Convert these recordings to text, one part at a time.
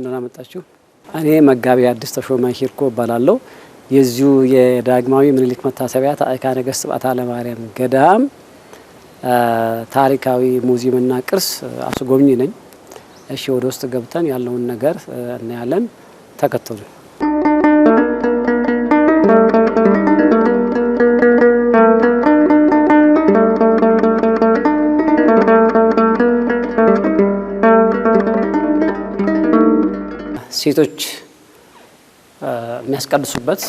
እንደሆነ መጣችሁ። እኔ መጋቢ አዲስ ተሾመ ሂርኮ እባላለሁ። የዚሁ የዳግማዊ ምኒልክ መታሰቢያ ታዕካ ነገሥት ስብዓታ ለማርያም ገዳም ታሪካዊ ሙዚየምና ቅርስ አስጎብኝ ነኝ። እሺ፣ ወደ ውስጥ ገብተን ያለውን ነገር እናያለን። ተከተሉኝ። ሴቶች የሚያስቀድሱበት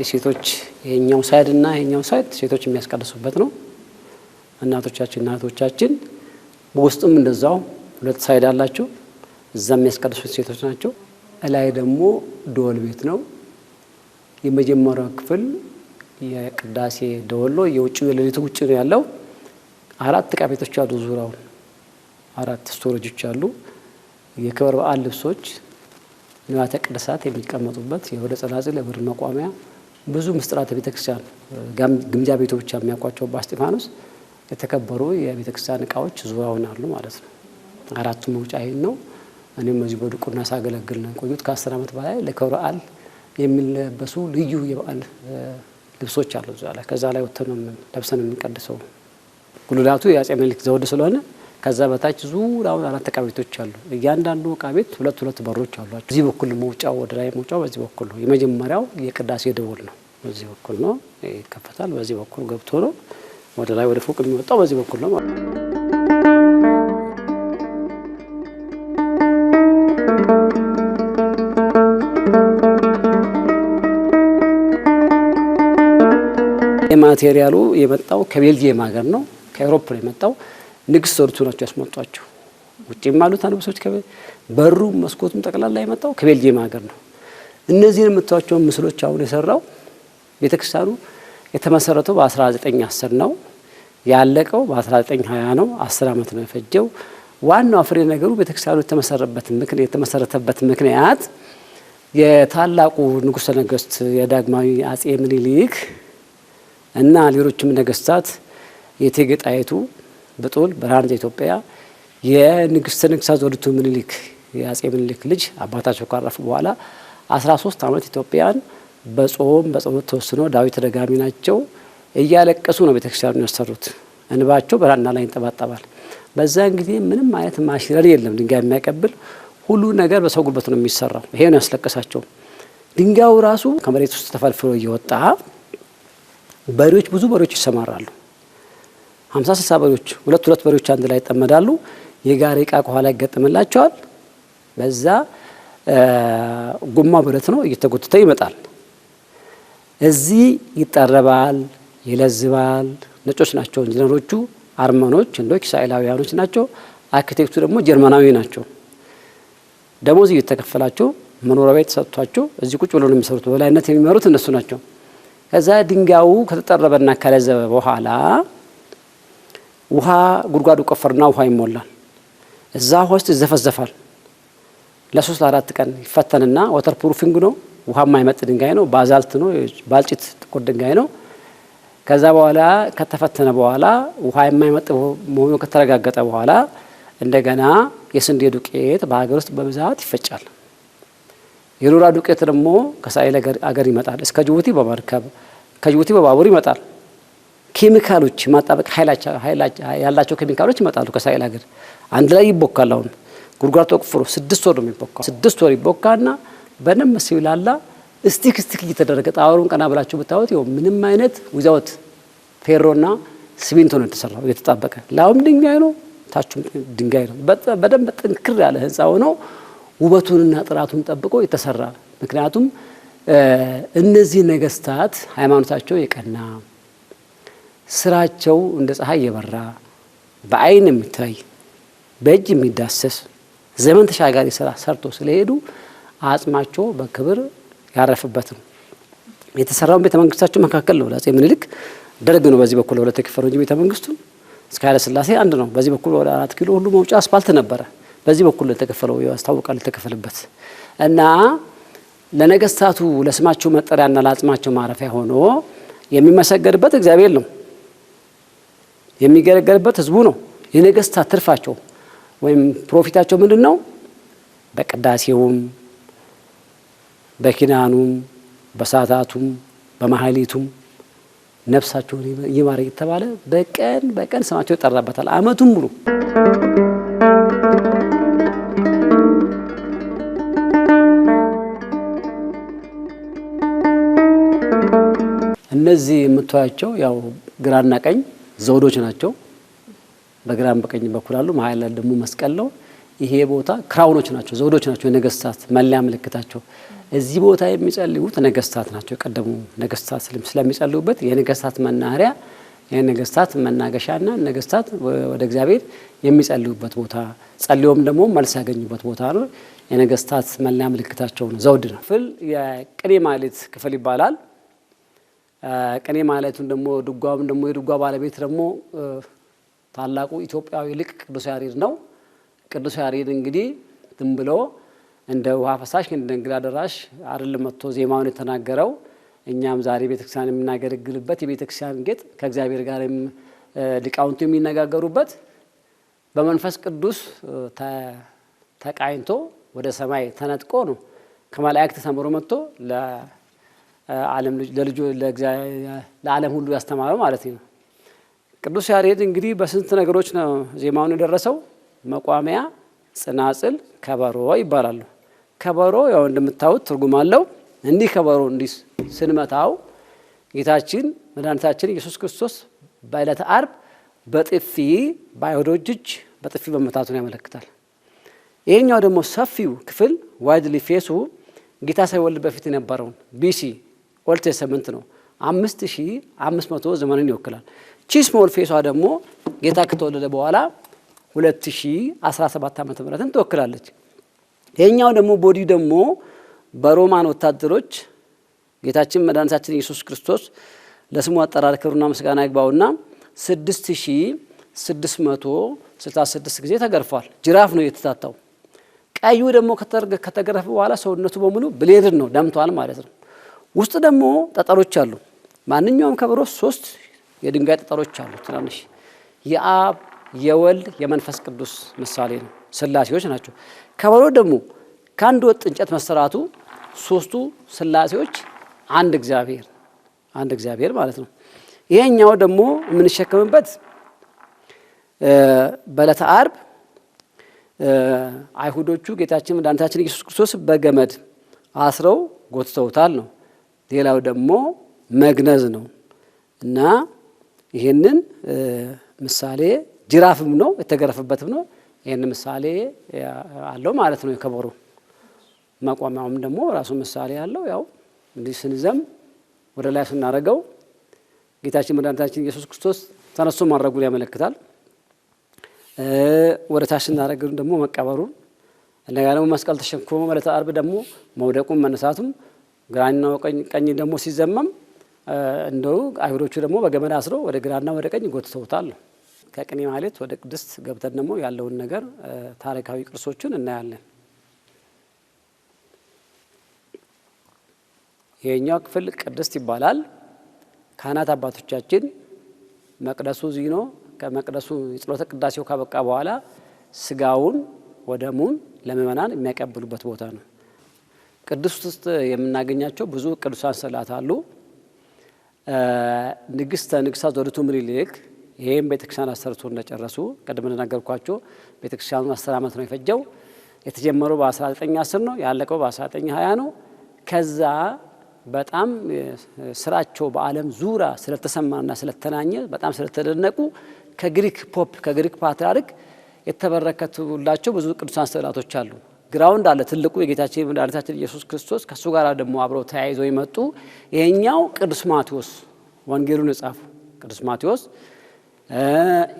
የሴቶች የኛው ሳይድ እና የኛው ሳይድ ሴቶች የሚያስቀድሱበት ነው። እናቶቻችን እናቶቻችን በውስጡም እንደዛው ሁለት ሳይድ አላቸው። እዛ የሚያስቀድሱት ሴቶች ናቸው። እላይ ደግሞ ደወል ቤት ነው። የመጀመሪያው ክፍል የቅዳሴ ደወል ነው። የውጭ የሌሊቱ ውጭ ነው ያለው። አራት እቃ ቤቶች አሉ። ዙሪያውን አራት ስቶሬጆች አሉ። የክብረ በዓል ልብሶች ንዋተ ቅድሳት የሚቀመጡበት የወደ ጸናጽል የብር መቋሚያ ብዙ ምስጢራተ ቤተክርስቲያን ግምጃ ቤቱ ብቻ የሚያውቋቸው በአስጢፋኖስ የተከበሩ የቤተክርስቲያን እቃዎች ዙሪያውን አሉ ማለት ነው። አራቱ መውጫ ይህን ነው። እኔም በዚህ በድቁና ሳገለግል ነው ቆዩት ከአስር ዓመት በላይ ለክብረ በዓል የሚለበሱ ልዩ የበዓል ልብሶች አሉ እዛ ላይ ከዛ ላይ ወጥተን ለብሰን የምንቀድሰው ጉልላቱ የአጼ ምኒልክ ዘውድ ስለሆነ ከዛ በታች ዙሪያውን አራት እቃ ቤቶች አሉ። እያንዳንዱ እቃ ቤት ሁለት ሁለት በሮች አሏቸው። እዚህ በኩል መውጫው ወደ ላይ መውጫው በዚህ በኩል ነው። የመጀመሪያው የቅዳሴ ደውል ነው። በዚህ በኩል ነው ይከፈታል። በዚህ በኩል ገብቶ ነው ወደ ላይ ወደ ፎቅ የሚወጣው በዚህ በኩል ነው ማለት ነው። ማቴሪያሉ የመጣው ከቤልጅየም ሀገር ነው። ከአውሮፓ የመጣው ንግስ ሰርቱ ናቸው ያስመጧቸው። ውጭም አሉት አንበሶች በሩ መስኮቱም ጠቅላላ የመጣው ከቤልጅየም ሀገር ነው። እነዚህን የምታዩቸውን ምስሎች አሁን የሰራው ቤተክርስቲያኑ የተመሰረተው በ1910 ነው። ያለቀው በ1920 ነው። 10 ዓመት ነው የፈጀው። ዋናው ፍሬ ነገሩ ቤተ የተመሰረተበት ምክንያት የታላቁ ንጉሠ ነገሥት የዳግማዊ አጼ ምኒልክ እና ሌሎችም ነገስታት የእቴጌ ጣይቱ ብጡል ብርሃን ዘኢትዮጵያ የንግስተ ነገስታት ዘውዲቱ ምኒልክ የአጼ ምኒልክ ልጅ አባታቸው ካረፉ በኋላ 13 ዓመት ኢትዮጵያን በጾም በጸሎት ተወስኖ ዳዊት ተደጋሚ ናቸው እያለቀሱ ነው ቤተክርስቲያኑ ያሰሩት። እንባቸው በራና ላይ ይንጠባጠባል። በዛን ጊዜ ምንም አይነት ማሽነሪ የለም፣ ድንጋይ የሚያቀብል ሁሉ ነገር በሰው ጉልበት ነው የሚሰራው። ይሄ ነው ያስለቀሳቸው። ድንጋዩ ራሱ ከመሬት ውስጥ ተፈልፍሎ እየወጣ በሬዎች ብዙ በሬዎች ይሰማራሉ። ሀምሳ ስልሳ በሬዎች ሁለት ሁለት በሬዎች አንድ ላይ ይጠመዳሉ። የጋሪ እቃ ከኋላ ይገጥምላቸዋል። በዛ ጉማ ብረት ነው እየተጎተተ ይመጣል። እዚህ ይጠረባል፣ ይለዝባል። ነጮች ናቸው ኢንጂነሮቹ፣ አርመኖች፣ ህንዶች፣ እስራኤላውያኖች ናቸው። አርኪቴክቱ ደግሞ ጀርመናዊ ናቸው። ደሞዝ እየተከፈላቸው መኖሪያ ቤት ሰጥቷቸው እዚህ ቁጭ ብሎ ነው የሚሰሩት። በላይነት የሚመሩት እነሱ ናቸው። ከዛ ድንጋዩ ከተጠረበና ከለዘበ በኋላ ውሃ ጉድጓዱ ቆፈርና ውሃ ይሞላል። እዛ ውሃ ውስጥ ይዘፈዘፋል። ለሶስት ለአራት ቀን ይፈተንና ወተር ፕሩፊንግ ነው፣ ውሃ የማይመጥ ድንጋይ ነው፣ ባዛልት ነው፣ ባልጭት ጥቁር ድንጋይ ነው። ከዛ በኋላ ከተፈተነ በኋላ ውሃ የማይመጥ መሆኑ ከተረጋገጠ በኋላ እንደገና የስንዴ ዱቄት በሀገር ውስጥ በብዛት ይፈጫል። የኖራ ዱቄት ደግሞ ከሳይል አገር ይመጣል። እስከ ጅቡቲ በመርከብ ከጅቡቲ በባቡር ይመጣል። ኬሚካሎች ማጣበቅ ያላቸው ኬሚካሎች ይመጣሉ ከእስራኤል ሀገር አንድ ላይ ይቦካል። አሁን ጉድጓድ ተቆፍሮ ስድስት ወር ነው የሚቦካ። ስድስት ወር ይቦካና በደንብ ሲብላላ እስቲክ እስቲክ እየተደረገ ጣወሩን ቀና ብላችሁ ብታወት ይኸው ምንም አይነት ዊዛውት ፌሮና ሲሚንቶ ነው የተሰራው የተጣበቀ። ላዩም ድንጋይ ነው፣ ታችም ድንጋይ ነው። በደንብ ጥንክር ያለ ህንፃ ሆኖ ውበቱንና ጥራቱን ጠብቆ የተሰራ ምክንያቱም እነዚህ ነገስታት ሃይማኖታቸው የቀና ስራቸው እንደ ፀሐይ የበራ በአይን የሚታይ በእጅ የሚዳሰስ ዘመን ተሻጋሪ ስራ ሰርቶ ስለሄዱ አጽማቸው በክብር ያረፈበት ነው። የተሰራውን ቤተ መንግስታቸው መካከል ነው። ለአፄ ምኒልክ ደርግ ነው በዚህ በኩል ለሁለት የከፈለው እንጂ ቤተ መንግስቱ እስከ ኃይለ አንድ ነው። በዚህ በኩል ወደ አራት ኪሎ ሁሉ መውጫ አስፓልት ነበረ። በዚህ በኩል የተከፈለው ያስታውቃል። የተከፈለበት እና ለነገስታቱ ለስማቸው መጠሪያና ለአጽማቸው ማረፊያ ሆኖ የሚመሰገድበት እግዚአብሔር ነው። የሚገለገልበት ህዝቡ ነው። የነገስታት ትርፋቸው ወይም ፕሮፊታቸው ምንድን ነው? በቅዳሴውም፣ በኪናኑም፣ በሳታቱም፣ በማህሌቱም ነፍሳቸውን ይማረክ የተባለ በቀን በቀን ስማቸው ይጠራበታል አመቱን ሙሉ። እነዚህ የምታያቸው ያው ግራና ቀኝ ዘውዶች ናቸው። በግራም በቀኝ በኩል አሉ። መሀል ላይ ደግሞ መስቀል ነው። ይሄ ቦታ ክራውኖች ናቸው፣ ዘውዶች ናቸው፣ የነገስታት መለያ ምልክታቸው። እዚህ ቦታ የሚጸልዩት ነገስታት ናቸው። የቀደሙ ነገስታት ስለሚጸልዩበት የነገስታት መናኸሪያ፣ የነገስታት መናገሻና ነገስታት ወደ እግዚአብሔር የሚጸልዩበት ቦታ፣ ጸልዮም ደግሞ መልስ ያገኙበት ቦታ ነው። የነገስታት መለያ ምልክታቸው ነው፣ ዘውድ ነው። ክፍል የቅኔ ማህሌት ክፍል ይባላል። ቅኔ ማለቱን ደሞ ድጓውን ደሞ የድጓ ባለቤት ደግሞ ታላቁ ኢትዮጵያዊ ሊቅ ቅዱስ ያሬድ ነው። ቅዱስ ያሬድ እንግዲህ ዝም ብሎ እንደ ውሃ ፈሳሽ እንደ እንግዳ ደራሽ አይደለም መጥቶ ዜማውን የተናገረው። እኛም ዛሬ ቤተክርስቲያን የምናገለግልበት የቤተክርስቲያን ጌጥ ከእግዚአብሔር ጋር ሊቃውንቱ የሚነጋገሩበት በመንፈስ ቅዱስ ተቃኝቶ ወደ ሰማይ ተነጥቆ ነው ከመላእክት ተሰምሮ መጥቶ ዓለም ለልጆ ለዓለም ሁሉ ያስተማረው ማለት ነው። ቅዱስ ያሬድ እንግዲህ በስንት ነገሮች ነው ዜማውን የደረሰው። መቋሚያ፣ ጽናጽል፣ ከበሮ ይባላሉ። ከበሮ ያው እንደምታዩት ትርጉም አለው። እንዲህ ከበሮ እንዲህ ስንመታው ጌታችን መድኃኒታችን ኢየሱስ ክርስቶስ በዕለተ አርብ በጥፊ በአይሁዶች እጅ በጥፊ በመታቱን ያመለክታል። ይህኛው ደግሞ ሰፊው ክፍል ዋይድሊ ፌሱ ጌታ ሳይወልድ በፊት የነበረውን ቢሲ ኦልድ ቴስተመንት ነው። አምስት ሺህ አምስት መቶ ዘመንን ይወክላል። ቺ ስሞል ፌሷ ደግሞ ጌታ ከተወለደ በኋላ ሁለት ሺ አስራ ሰባት ዓመተ ምህረትን ትወክላለች። ይሄኛው ደግሞ ቦዲ ደግሞ በሮማን ወታደሮች ጌታችን መድኃኒታችን ኢየሱስ ክርስቶስ ለስሙ አጠራር ክብርና ምስጋና ይግባውና ስድስት ሺ ስድስት መቶ ስልሳ ስድስት ጊዜ ተገርፏል። ጅራፍ ነው የተታታው። ቀዩ ደግሞ ከተገረፈ በኋላ ሰውነቱ በሙሉ ብሌድን ነው ደምቷል ማለት ነው። ውስጥ ደግሞ ጠጠሮች አሉ። ማንኛውም ከበሮ ሶስት የድንጋይ ጠጠሮች አሉ፣ ትናንሽ የአብ የወልድ የመንፈስ ቅዱስ ምሳሌ ነው፣ ስላሴዎች ናቸው። ከበሮ ደግሞ ከአንድ ወጥ እንጨት መሰራቱ ሶስቱ ስላሴዎች አንድ እግዚአብሔር አንድ እግዚአብሔር ማለት ነው። ይሄኛው ደግሞ የምንሸከምበት በዕለተ አርብ አይሁዶቹ ጌታችን መድኃኒታችን ኢየሱስ ክርስቶስ በገመድ አስረው ጎትተውታል ነው ሌላው ደግሞ መግነዝ ነው እና ይህንን ምሳሌ ጅራፍም ነው የተገረፈበትም ነው። ይህን ምሳሌ አለው ማለት ነው። የከበሮ መቋሚያውም ደግሞ ራሱ ምሳሌ አለው። ያው እንዲህ ስንዘም ወደ ላይ ስናደርገው ጌታችን መድኃኒታችን ኢየሱስ ክርስቶስ ተነስቶ ማድረጉን ያመለክታል። ወደ ታች ስናደርገው ደግሞ መቀበሩን እንደገና ደግሞ መስቀል ተሸክሞ ዕለተ ዓርብ ደግሞ መውደቁም መነሳቱም ግራና ቀኝ ደግሞ ሲዘመም እንደው አይሁዶቹ ደግሞ በገመድ አስረው ወደ ግራና ወደ ቀኝ ጎትተውታል። ከቅኔ ማለት ወደ ቅድስት ገብተን ደግሞ ያለውን ነገር ታሪካዊ ቅርሶቹን እናያለን። ይሄኛው ክፍል ቅድስት ይባላል። ካህናት አባቶቻችን መቅደሱ ዚኖ ከመቅደሱ የጸሎተ ቅዳሴው ካበቃ በኋላ ስጋውን ወደሙን ለምእመናን የሚያቀብሉበት ቦታ ነው። ቅዱስ ውስጥ የምናገኛቸው ብዙ ቅዱሳን ስዕላት አሉ። ንግስተ ንግሥታት ዘውዲቱ ምኒልክ ይህም ቤተክርስቲያን አሰርቶ እንደጨረሱ ቅድም እንደነገርኳቸው ቤተክርስቲያኑ አስር ዓመት ነው የፈጀው። የተጀመረው በ1910 ነው ያለቀው በ1920 ነው። ከዛ በጣም ስራቸው በዓለም ዙሪያ ስለተሰማና ስለተናኘ በጣም ስለተደነቁ ከግሪክ ፖፕ ከግሪክ ፓትርያርክ የተበረከቱላቸው ብዙ ቅዱሳን ስዕላቶች አሉ። ግራውንድ አለ ትልቁ የጌታችን መድኃኒታችን ኢየሱስ ክርስቶስ ከእሱ ጋር ደግሞ አብረው ተያይዘው የመጡ ይሄኛው ቅዱስ ማቴዎስ ወንጌሉን የጻፉ ቅዱስ ማቴዎስ፣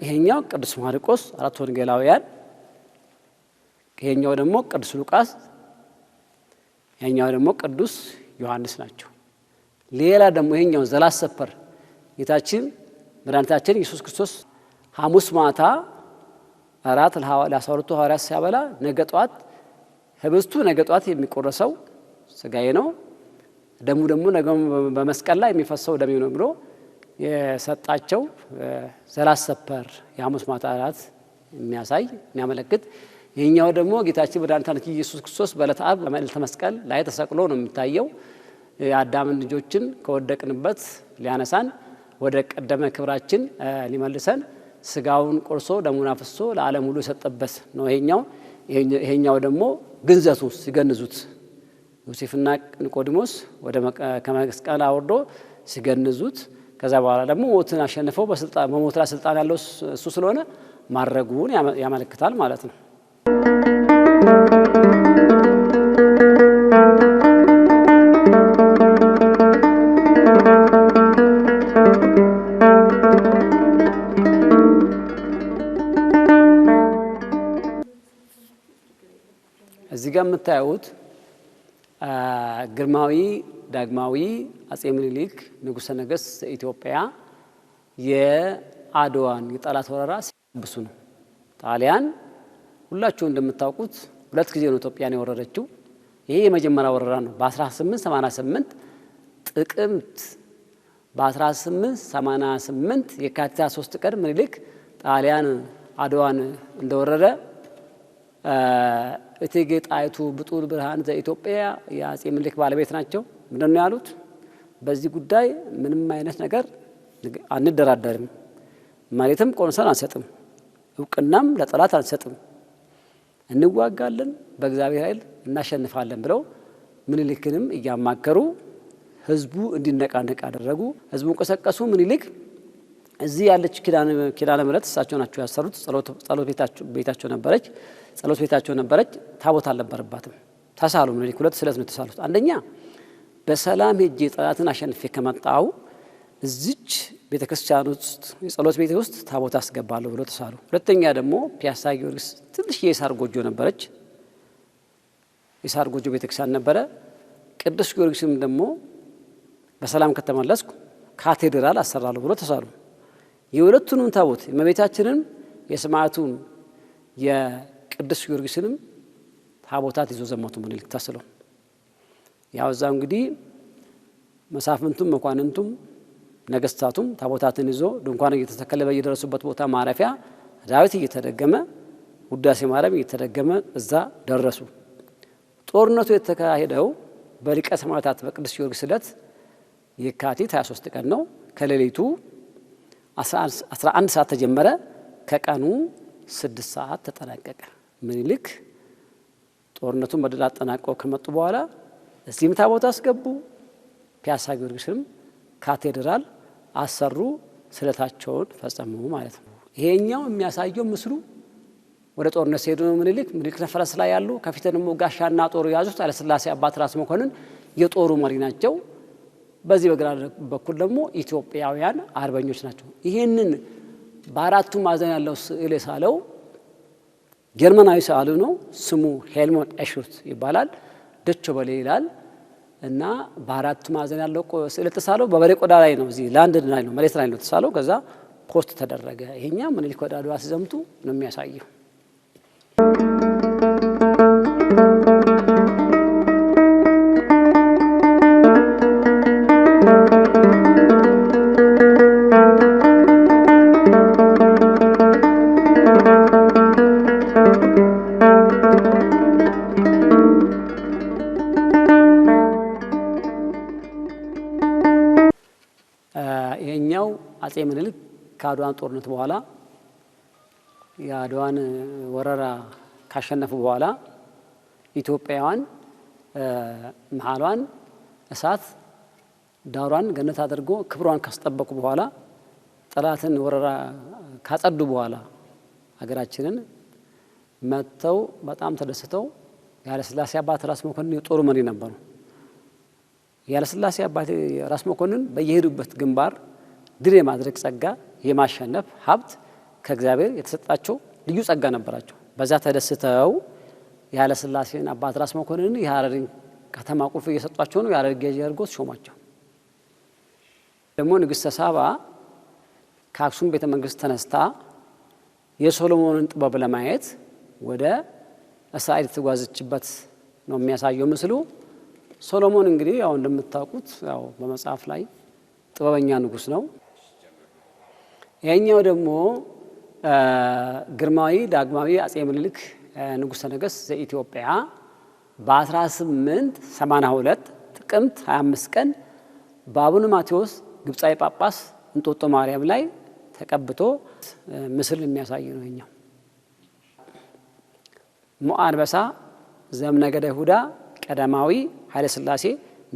ይሄኛው ቅዱስ ማርቆስ አራት ወንጌላውያን፣ ይሄኛው ደግሞ ቅዱስ ሉቃስ፣ ይሄኛው ደግሞ ቅዱስ ዮሐንስ ናቸው። ሌላ ደግሞ ይሄኛው ሰፐር ጌታችን መድኃኒታችን ኢየሱስ ክርስቶስ ሐሙስ ማታ አራት ለአስራ ሁለቱ ሐዋርያት ሲያበላ ነገ ጠዋት ህብስቱ ነገ ጧት የሚቆረሰው ስጋዬ ነው፣ ደሙ ደግሞ ነገ በመስቀል ላይ የሚፈሰው ደሜ ነው ብሎ የሰጣቸው ዘላሰፐር የሐሙስ ማታ እራት የሚያሳይ የሚያመለክት ይህኛው ደግሞ ጌታችን መድኃኒታችን ኢየሱስ ክርስቶስ በዕለተ ዓርብ መስቀል ላይ ተሰቅሎ ነው የሚታየው። የአዳምን ልጆችን ከወደቅንበት ሊያነሳን ወደ ቀደመ ክብራችን ሊመልሰን ስጋውን ቆርሶ ደሙን አፍሶ ለዓለም ሁሉ የሰጠበት ነው ይሄኛው። ይሄኛው ደግሞ ግንዘቱ ሲገንዙት ዮሴፍና ኒቆዲሞስ ወደ ከመስቀል አውርዶ ሲገንዙት ከዛ በኋላ ደግሞ ሞትን አሸንፈው በሞት ላይ ስልጣን ያለው እሱ ስለሆነ ማድረጉን ያመለክታል ማለት ነው። ጋር የምታዩት ግርማዊ ዳግማዊ አጼ ምኒልክ ንጉሠ ነገሥት ኢትዮጵያ የአድዋን የጠላት ወረራ ሲያብሱ ነው። ጣሊያን ሁላችሁ እንደምታውቁት ሁለት ጊዜ ነው ኢትዮጵያን የወረረችው። ይሄ የመጀመሪያ ወረራ ነው በ1888 ጥቅምት በ1888 የካቲት 3 ቀን ምኒልክ ጣሊያን አድዋን እንደወረረ እቴጌ ጣይቱ ብጡል ብርሃን ዘኢትዮጵያ የአጼ ምኒልክ ባለቤት ናቸው። ምንድን ነው ያሉት? በዚህ ጉዳይ ምንም አይነት ነገር አንደራደርም፣ ማለትም ቆንሰን አንሰጥም፣ እውቅናም ለጠላት አንሰጥም፣ እንዋጋለን፣ በእግዚአብሔር ኃይል እናሸንፋለን ብለው ምኒልክንም እያማከሩ ህዝቡ እንዲነቃነቅ አደረጉ። ህዝቡን ቀሰቀሱ ምኒልክ እዚህ ያለች ኪዳነ ምሕረት እሳቸው ናቸው ያሰሩት። ጸሎት ቤታቸው ነበረች፣ ጸሎት ቤታቸው ነበረች። ታቦት አልነበረባትም። ተሳሉ ምኒልክ ሁለት ስለት ነው የተሳሉት። አንደኛ በሰላም ሄጄ ጠላትን አሸንፌ ከመጣው እዚች ቤተ ክርስቲያን ውስጥ የጸሎት ቤት ውስጥ ታቦት አስገባለሁ ብሎ ተሳሉ። ሁለተኛ ደግሞ ፒያሳ ጊዮርጊስ ትንሽ የሳር ጎጆ ነበረች፣ የሳር ጎጆ ቤተ ክርስቲያን ነበረ። ቅዱስ ጊዮርጊስም ደግሞ በሰላም ከተመለስኩ ካቴድራል አሰራለሁ ብሎ ተሳሉ። የሁለቱንም ታቦት የእመቤታችንም የስማዕቱም የቅዱስ ጊዮርጊስንም ታቦታት ይዞ ዘመቱ ምኒልክ ተስለው ያው እዛ እንግዲህ መሳፍንቱም መኳንንቱም ነገስታቱም ታቦታትን ይዞ ድንኳን እየተተከለ በየደረሱበት ቦታ ማረፊያ ዳዊት እየተደገመ ውዳሴ ማርያም እየተደገመ እዛ ደረሱ። ጦርነቱ የተካሄደው በሊቀ ሰማዕታት በቅዱስ ጊዮርጊስ ዕለት የካቲት 23 ቀን ነው ከሌሊቱ 11 ሰዓት ተጀመረ። ከቀኑ ስድስት ሰዓት ተጠናቀቀ። ምኒልክ ጦርነቱን በድል አጠናቀው ከመጡ በኋላ እዚህምታ ቦታ አስገቡ፣ ፒያሳ ጊዮርጊስም ካቴድራል አሰሩ፣ ስለታቸውን ፈጸሙ ማለት ነው። ይሄኛው የሚያሳየው ምስሉ ወደ ጦርነት ሲሄዱ ነው። ምኒልክ ምኒልክ ተፈረስ ላይ ያሉ፣ ከፊት ደግሞ ጋሻና ጦሩ የያዙት ኃይለሥላሴ አባት ራስ መኮንን የጦሩ መሪ ናቸው። በዚህ በግራ በኩል ደግሞ ኢትዮጵያውያን አርበኞች ናቸው። ይህንን በአራቱ ማዕዘን ያለው ስዕል የሳለው ጀርመናዊ ሰዓሊ ነው። ስሙ ሄልሞት ኤሹት ይባላል። ደቾ በሌ ይላል እና በአራቱ ማዕዘን ያለው ስዕል የተሳለው በበሬ ቆዳ ላይ ነው። እዚህ ላንድን ላይ ነው፣ መሬት ላይ ነው የተሳለው። ከዛ ፖስት ተደረገ። ይሄኛ ምኒልክ ወደ አድዋ ሲዘምቱ ነው የሚያሳየው። ከአድዋን ጦርነት በኋላ የአድዋን ወረራ ካሸነፉ በኋላ ኢትዮጵያዋን መሀሏን እሳት ዳሯን ገነት አድርጎ ክብሯን ካስጠበቁ በኋላ ጠላትን ወረራ ካጸዱ በኋላ ሀገራችንን መጥተው በጣም ተደስተው የኃይለሥላሴ አባት ራስ መኮንን የጦሩ መሪ ነበሩ። የኃይለሥላሴ አባት ራስ መኮንን በየሄዱበት ግንባር ድል የማድረግ ጸጋ፣ የማሸነፍ ሀብት ከእግዚአብሔር የተሰጣቸው ልዩ ጸጋ ነበራቸው። በዛ ተደስተው የኃይለ ሥላሴን ራስ መኮንን መኮንንን የሀረሪን ከተማ ቁልፍ እየሰጧቸው ነው። የሀረር ገዢ አድርጎ ሾሟቸው። ደግሞ ንግሥተ ሳባ ከአክሱም ቤተ መንግስት ተነስታ የሶሎሞንን ጥበብ ለማየት ወደ እስራኤል የተጓዘችበት ነው የሚያሳየው ምስሉ። ሶሎሞን እንግዲህ ያው እንደምታውቁት ያው በመጽሐፍ ላይ ጥበበኛ ንጉሥ ነው። ይሄኛው ደግሞ ግርማዊ ዳግማዊ አጼ ምኒልክ ንጉሠ ነገሥት ዘኢትዮጵያ በ1882 ጥቅምት 25 ቀን በአቡነ ማቴዎስ ግብፃዊ ጳጳስ እንጦጦ ማርያም ላይ ተቀብቶ ምስል የሚያሳይ ነው። ኛው። ሞዓ አንበሳ ዘእምነገደ ይሁዳ ቀዳማዊ ኃይለ ሥላሴ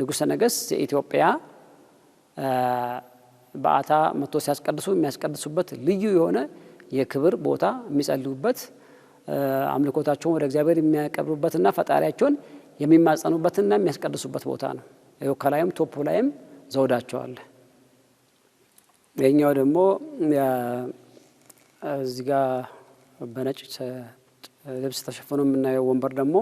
ንጉሠ ነገሥት ዘኢትዮጵያ በአታ መጥቶ ሲያስቀድሱ የሚያስቀድሱበት ልዩ የሆነ የክብር ቦታ የሚጸልዩበት አምልኮታቸውን ወደ እግዚአብሔር የሚያቀርቡበትና ፈጣሪያቸውን የሚማጸኑበትና የሚያስቀድሱበት ቦታ ነው። ይኸው ከላይም ላይም ዘውዳቸው አለ። ይህኛው ደግሞ እዚህ ጋ በነጭ ልብስ ተሸፍኖ የምናየው ወንበር ደግሞ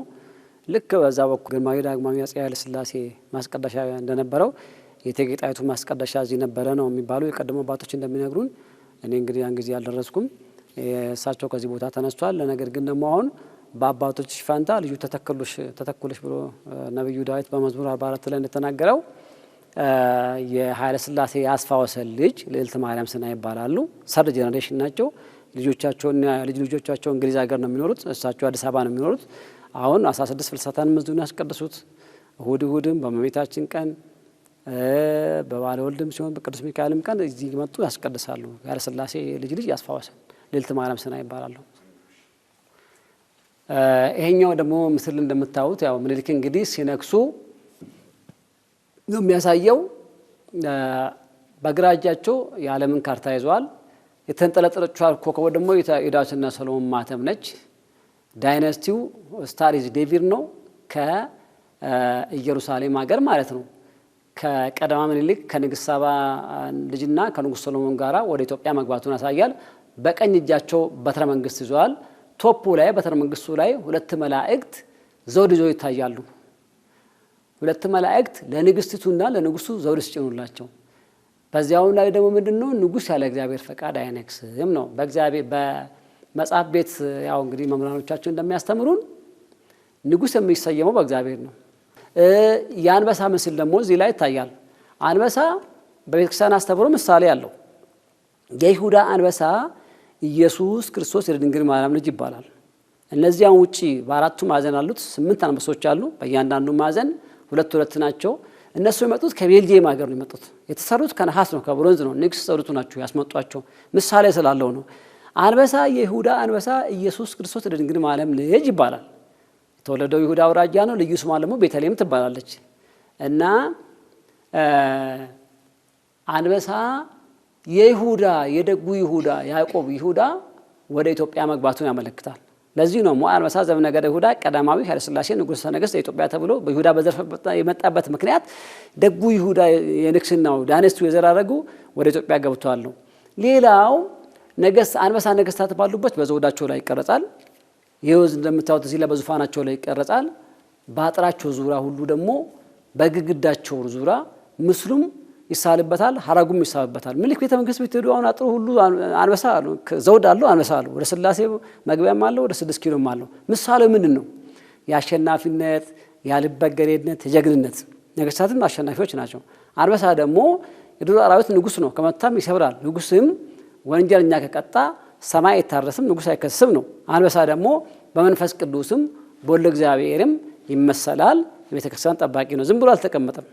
ልክ በዛ በኩል ግርማዊ ዳግማዊ አፄ ኃይለ ሥላሴ ማስቀደሻ እንደነበረው የእቴጌ ጣይቱ ማስቀደሻ እዚህ ነበረ ነው የሚባሉ የቀደሙ አባቶች እንደሚነግሩን። እኔ እንግዲህ ያን ጊዜ አልደረስኩም። እሳቸው ከዚህ ቦታ ተነስቷል። ነገር ግን ደግሞ አሁን በአባቶች ፋንታ ልጁ ተተክሉሽ ብሎ ነቢዩ ዳዊት በመዝሙር 44 ላይ እንደተናገረው የኃይለስላሴ ያስፋወሰን ልጅ ልዕልት ማርያም ስና ይባላሉ። ሰርድ ጄኔሬሽን ናቸው። ልጆቻቸውን ልጅ ልጆቻቸው እንግሊዝ ሀገር ነው የሚኖሩት። እሳቸው አዲስ አበባ ነው የሚኖሩት። አሁን 16 ፍልሰታን መዝዱን ያስቀደሱት እሁድ እሁድም በመቤታችን ቀን በባለ ወልድም ሲሆን በቅዱስ ሚካኤልም ቀን እዚህ መጡ ያስቀድሳሉ። ጋር ስላሴ ልጅ ልጅ ያስፋወሰን ሌልት ማርያም ስና ይባላሉ። ይሄኛው ደግሞ ምስል እንደምታዩት ያው ምኒልክ እንግዲህ ሲነክሱ ነው የሚያሳየው። በግራ እጃቸው የዓለምን ካርታ ይዘዋል። የተንጠለጠለችው ኮከብ ደግሞ የዳዊትና ሰሎሞን ማተም ነች። ዳይነስቲው ስታሪዝ ዴቪድ ነው ከኢየሩሳሌም ሀገር ማለት ነው። ከቀዳማ ምኒልክ ከንግስት ሳባ ልጅና ከንጉስ ሶሎሞን ጋራ ወደ ኢትዮጵያ መግባቱን ያሳያል። በቀኝ እጃቸው በትረ መንግስት ይዘዋል። ቶፑ ላይ በትረ መንግስቱ ላይ ሁለት መላእክት ዘውድ ይዘው ይታያሉ። ሁለት መላእክት ለንግስቲቱና ለንጉሱ ዘውድ ሲጭኑላቸው፣ በዚያውም ላይ ደግሞ ምንድን ነው ንጉስ ያለ እግዚአብሔር ፈቃድ አይነግስም ነው። በእግዚአብሔር በመጽሐፍ ቤት ያው እንግዲህ መምህራኖቻችን እንደሚያስተምሩን ንጉስ የሚሰየመው በእግዚአብሔር ነው። የአንበሳ ምስል ደግሞ እዚህ ላይ ይታያል። አንበሳ በቤተክርስቲያን አስተምህሮ ምሳሌ አለው። የይሁዳ አንበሳ ኢየሱስ ክርስቶስ የድንግል ማርያም ልጅ ይባላል። እነዚያም ውጪ በአራቱ ማዕዘን አሉት ስምንት አንበሶች አሉ። በእያንዳንዱ ማዕዘን ሁለት ሁለት ናቸው። እነሱ የመጡት ከቤልጅየም ሀገር ነው የመጡት። የተሰሩት ከነሐስ ነው፣ ከብሮንዝ ነው። ንግስ ሰሩቱ ናቸው ያስመጧቸው። ምሳሌ ስላለው ነው። አንበሳ የይሁዳ አንበሳ ኢየሱስ ክርስቶስ የድንግል ማርያም ልጅ ይባላል። ተወለደ ይሁዳ አውራጃ ነው። ልዩ ስሟ ደግሞ ቤተልሔም ትባላለች እና አንበሳ የይሁዳ የደጉ ይሁዳ ያዕቆብ ይሁዳ ወደ ኢትዮጵያ መግባቱን ያመለክታል። ለዚህ ነው ሞአ አንበሳ ዘእምነገደ ይሁዳ ቀዳማዊ ኃይለሥላሴ ንጉሠ ነገሥት የኢትዮጵያ ተብሎ በይሁዳ በዘርፈ የመጣበት ምክንያት ደጉ ይሁዳ የንግስናው ዳነስቱ የዘራረጉ ወደ ኢትዮጵያ ገብቷል ነው። ሌላው ነገስ አንበሳ ነገስታት ባሉበት በዘውዳቸው ላይ ይቀረጻል። ይህ እንደምታዩት እዚህ ላይ በዙፋናቸው ላይ ይቀረጻል። በአጥራቸው ዙሪያ ሁሉ ደግሞ በግድግዳቸው ዙሪያ ምስሉም ይሳልበታል፣ ሀረጉም ይሳልበታል። ምልክ ቤተ መንግስት ቤት አሁን አጥሩ ሁሉ አንበሳ ዘውድ አለው፣ አንበሳ አለው። ወደ ስላሴ መግቢያም አለው፣ ወደ ስድስት ኪሎም አለው። ምሳሌ ምንድን ነው? የአሸናፊነት ያልበገሬነት፣ የጀግንነት ነገስታትም አሸናፊዎች ናቸው። አንበሳ ደግሞ የዱር አራዊት ንጉስ ነው። ከመታም ይሰብራል። ንጉስም ወንጀለኛ ከቀጣ ሰማይ አይታረስም፣ ንጉሥ አይከስም ነው። አንበሳ ደግሞ በመንፈስ ቅዱስም በወልደ እግዚአብሔርም ይመሰላል። የቤተ ክርስቲያን ጠባቂ ነው። ዝም ብሎ አልተቀመጠም።